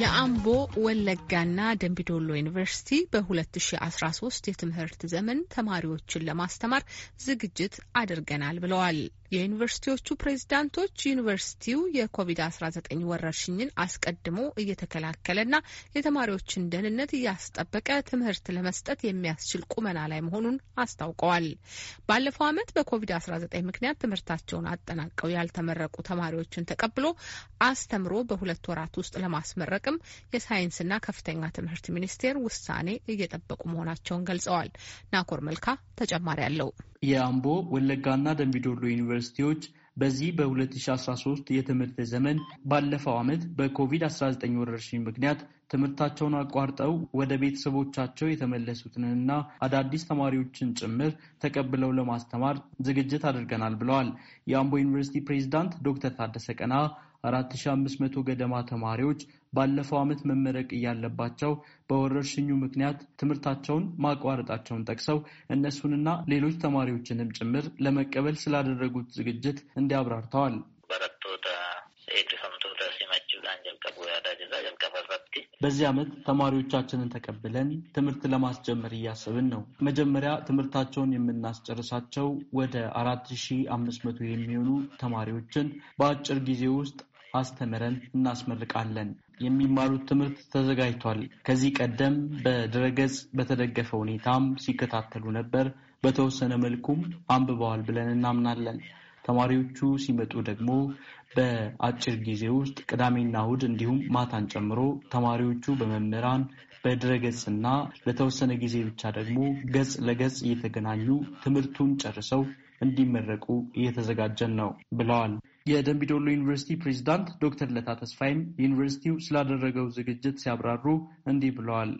የአምቦ ወለጋና ደንቢዶሎ ዩኒቨርሲቲ በ2013 የትምህርት ዘመን ተማሪዎችን ለማስተማር ዝግጅት አድርገናል ብለዋል። የዩኒቨርሲቲዎቹ ፕሬዝዳንቶች ዩኒቨርሲቲው የኮቪድ-19 ወረርሽኝን አስቀድሞ እየተከላከለና የተማሪዎችን ደህንነት እያስጠበቀ ትምህርት ለመስጠት የሚያስችል ቁመና ላይ መሆኑን አስታውቀዋል። ባለፈው ዓመት በኮቪድ-19 ምክንያት ትምህርታቸውን አጠናቀው ያልተመረቁ ተማሪዎችን ተቀብሎ አስተምሮ በሁለት ወራት ውስጥ ለማስመረቅ ጥቅም የሳይንስና ከፍተኛ ትምህርት ሚኒስቴር ውሳኔ እየጠበቁ መሆናቸውን ገልጸዋል። ናኮር መልካ ተጨማሪ አለው። የአምቦ ወለጋና ደምቢዶሎ ዩኒቨርሲቲዎች በዚህ በ2013 የትምህርት ዘመን ባለፈው ዓመት በኮቪድ-19 ወረርሽኝ ምክንያት ትምህርታቸውን አቋርጠው ወደ ቤተሰቦቻቸው የተመለሱትንና አዳዲስ ተማሪዎችን ጭምር ተቀብለው ለማስተማር ዝግጅት አድርገናል ብለዋል። የአምቦ ዩኒቨርሲቲ ፕሬዚዳንት ዶክተር ታደሰ ቀና 4500 ገደማ ተማሪዎች ባለፈው ዓመት መመረቅ እያለባቸው በወረርሽኙ ምክንያት ትምህርታቸውን ማቋረጣቸውን ጠቅሰው እነሱንና ሌሎች ተማሪዎችንም ጭምር ለመቀበል ስላደረጉት ዝግጅት እንዲያብራርተዋል። በዚህ ዓመት ተማሪዎቻችንን ተቀብለን ትምህርት ለማስጀመር እያሰብን ነው። መጀመሪያ ትምህርታቸውን የምናስጨርሳቸው ወደ አራት ሺህ አምስት መቶ የሚሆኑ ተማሪዎችን በአጭር ጊዜ ውስጥ አስተምረን እናስመርቃለን። የሚማሩት ትምህርት ተዘጋጅቷል። ከዚህ ቀደም በድረገጽ በተደገፈ ሁኔታም ሲከታተሉ ነበር። በተወሰነ መልኩም አንብበዋል ብለን እናምናለን። ተማሪዎቹ ሲመጡ ደግሞ በአጭር ጊዜ ውስጥ ቅዳሜና እሁድ እንዲሁም ማታን ጨምሮ ተማሪዎቹ በመምህራን በድረገጽና ለተወሰነ ጊዜ ብቻ ደግሞ ገጽ ለገጽ እየተገናኙ ትምህርቱን ጨርሰው እንዲመረቁ እየተዘጋጀን ነው ብለዋል። የደንቢዶሎ ዩኒቨርሲቲ ፕሬዚዳንት ዶክተር ለታ ተስፋይም ዩኒቨርሲቲው ስላደረገው ዝግጅት ሲያብራሩ እንዲህ ብለዋል።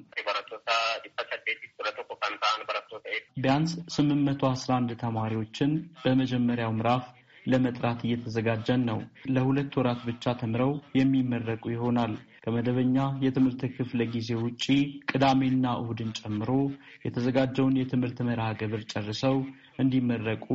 ቢያንስ አንድ ተማሪዎችን በመጀመሪያው ምዕራፍ ለመጥራት እየተዘጋጀን ነው። ለሁለት ወራት ብቻ ተምረው የሚመረቁ ይሆናል። ከመደበኛ የትምህርት ክፍለ ጊዜ ውጪ ቅዳሜና እሁድን ጨምሮ የተዘጋጀውን የትምህርት መርሃ ግብር ጨርሰው እንዲመረቁ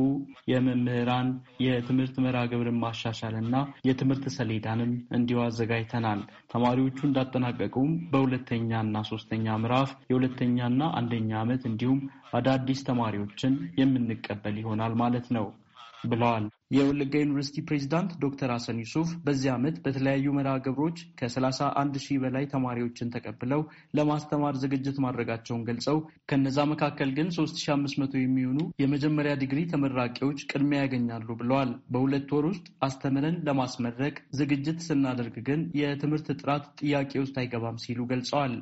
የመምህራን የትምህርት መርሃ ግብርን ማሻሻልና የትምህርት ሰሌዳንም እንዲሁ አዘጋጅተናል። ተማሪዎቹ እንዳጠናቀቁም በሁለተኛና ሶስተኛ ምዕራፍ የሁለተኛና አንደኛ ዓመት እንዲሁም አዳዲስ ተማሪዎችን የምንቀበል ይሆናል ማለት ነው ብለዋል የወለጋ ዩኒቨርሲቲ ፕሬዚዳንት ዶክተር ሀሰን ዩሱፍ በዚህ ዓመት በተለያዩ መርሃ ግብሮች ከ31 ሺህ በላይ ተማሪዎችን ተቀብለው ለማስተማር ዝግጅት ማድረጋቸውን ገልጸው ከነዛ መካከል ግን 3500 የሚሆኑ የመጀመሪያ ዲግሪ ተመራቂዎች ቅድሚያ ያገኛሉ ብለዋል። በሁለት ወር ውስጥ አስተምረን ለማስመረቅ ዝግጅት ስናደርግ ግን የትምህርት ጥራት ጥያቄ ውስጥ አይገባም ሲሉ ገልጸዋል።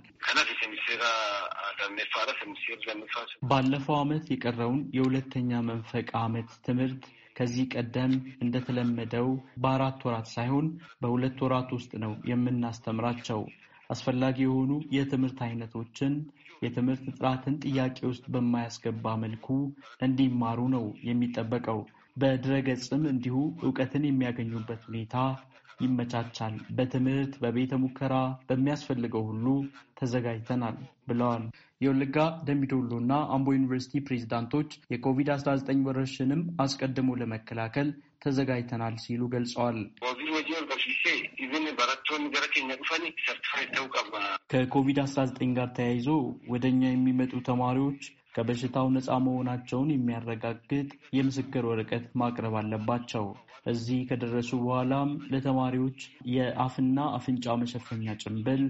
ባለፈው ዓመት የቀረውን የሁለተኛ መንፈቅ ዓመት ትምህርት ከዚህ ቀደም እንደተለመደው በአራት ወራት ሳይሆን በሁለት ወራት ውስጥ ነው የምናስተምራቸው። አስፈላጊ የሆኑ የትምህርት አይነቶችን የትምህርት ጥራትን ጥያቄ ውስጥ በማያስገባ መልኩ እንዲማሩ ነው የሚጠበቀው። በድረገጽም እንዲሁ እውቀትን የሚያገኙበት ሁኔታ ይመቻቻል። በትምህርት በቤተ ሙከራ በሚያስፈልገው ሁሉ ተዘጋጅተናል ብለዋል። የወለጋ ደምቢዶሎ እና አምቦ ዩኒቨርሲቲ ፕሬዚዳንቶች የኮቪድ-19 ወረርሽንም አስቀድሞ ለመከላከል ተዘጋጅተናል ሲሉ ገልጸዋል። ከኮቪድ-19 ጋር ተያይዞ ወደ እኛ የሚመጡ ተማሪዎች ከበሽታው ነፃ መሆናቸውን የሚያረጋግጥ የምስክር ወረቀት ማቅረብ አለባቸው። እዚህ ከደረሱ በኋላም ለተማሪዎች የአፍና አፍንጫ መሸፈኛ ጭንብል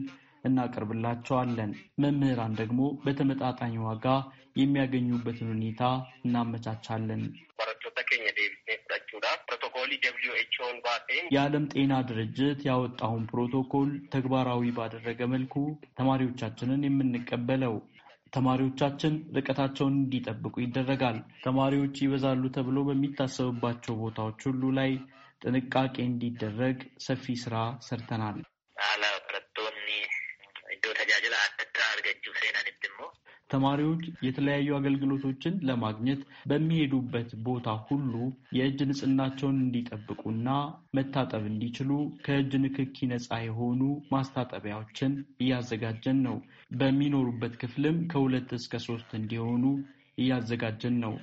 እናቀርብላቸዋለን። መምህራን ደግሞ በተመጣጣኝ ዋጋ የሚያገኙበትን ሁኔታ እናመቻቻለን። የዓለም ጤና ድርጅት ያወጣውን ፕሮቶኮል ተግባራዊ ባደረገ መልኩ ተማሪዎቻችንን የምንቀበለው ተማሪዎቻችን ርቀታቸውን እንዲጠብቁ ይደረጋል። ተማሪዎች ይበዛሉ ተብሎ በሚታሰብባቸው ቦታዎች ሁሉ ላይ ጥንቃቄ እንዲደረግ ሰፊ ስራ ሰርተናል። ተማሪዎች የተለያዩ አገልግሎቶችን ለማግኘት በሚሄዱበት ቦታ ሁሉ የእጅ ንጽህናቸውን እንዲጠብቁና መታጠብ እንዲችሉ ከእጅ ንክኪ ነፃ የሆኑ ማስታጠቢያዎችን እያዘጋጀን ነው። በሚኖሩበት ክፍልም ከሁለት እስከ ሶስት እንዲሆኑ እያዘጋጀን ነው።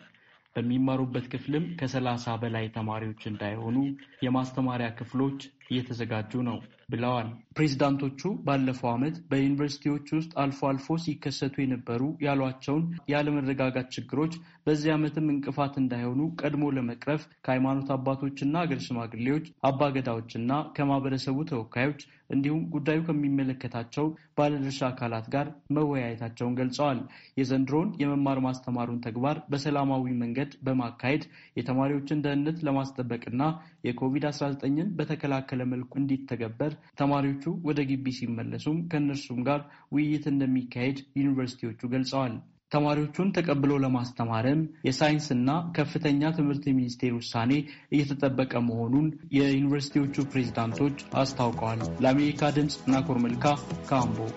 በሚማሩበት ክፍልም ከሰላሳ በላይ ተማሪዎች እንዳይሆኑ የማስተማሪያ ክፍሎች እየተዘጋጁ ነው ብለዋል። ፕሬዚዳንቶቹ ባለፈው ዓመት በዩኒቨርሲቲዎች ውስጥ አልፎ አልፎ ሲከሰቱ የነበሩ ያሏቸውን ያለመረጋጋት ችግሮች በዚህ ዓመትም እንቅፋት እንዳይሆኑ ቀድሞ ለመቅረፍ ከሃይማኖት አባቶችና አገር ሽማግሌዎች፣ አባገዳዎችና ከማህበረሰቡ ተወካዮች እንዲሁም ጉዳዩ ከሚመለከታቸው ባለድርሻ አካላት ጋር መወያየታቸውን ገልጸዋል። የዘንድሮን የመማር ማስተማሩን ተግባር በሰላማዊ መንገድ በማካሄድ የተማሪዎችን ደህንነት ለማስጠበቅና የኮቪድ-19ን በተከላከል በተማከለ መልኩ እንዲተገበር ተማሪዎቹ ወደ ግቢ ሲመለሱም ከእነርሱም ጋር ውይይት እንደሚካሄድ ዩኒቨርሲቲዎቹ ገልጸዋል። ተማሪዎቹን ተቀብሎ ለማስተማርም የሳይንስና ከፍተኛ ትምህርት ሚኒስቴር ውሳኔ እየተጠበቀ መሆኑን የዩኒቨርሲቲዎቹ ፕሬዝዳንቶች አስታውቀዋል። ለአሜሪካ ድምፅ ናኮር መልካ ካምቦ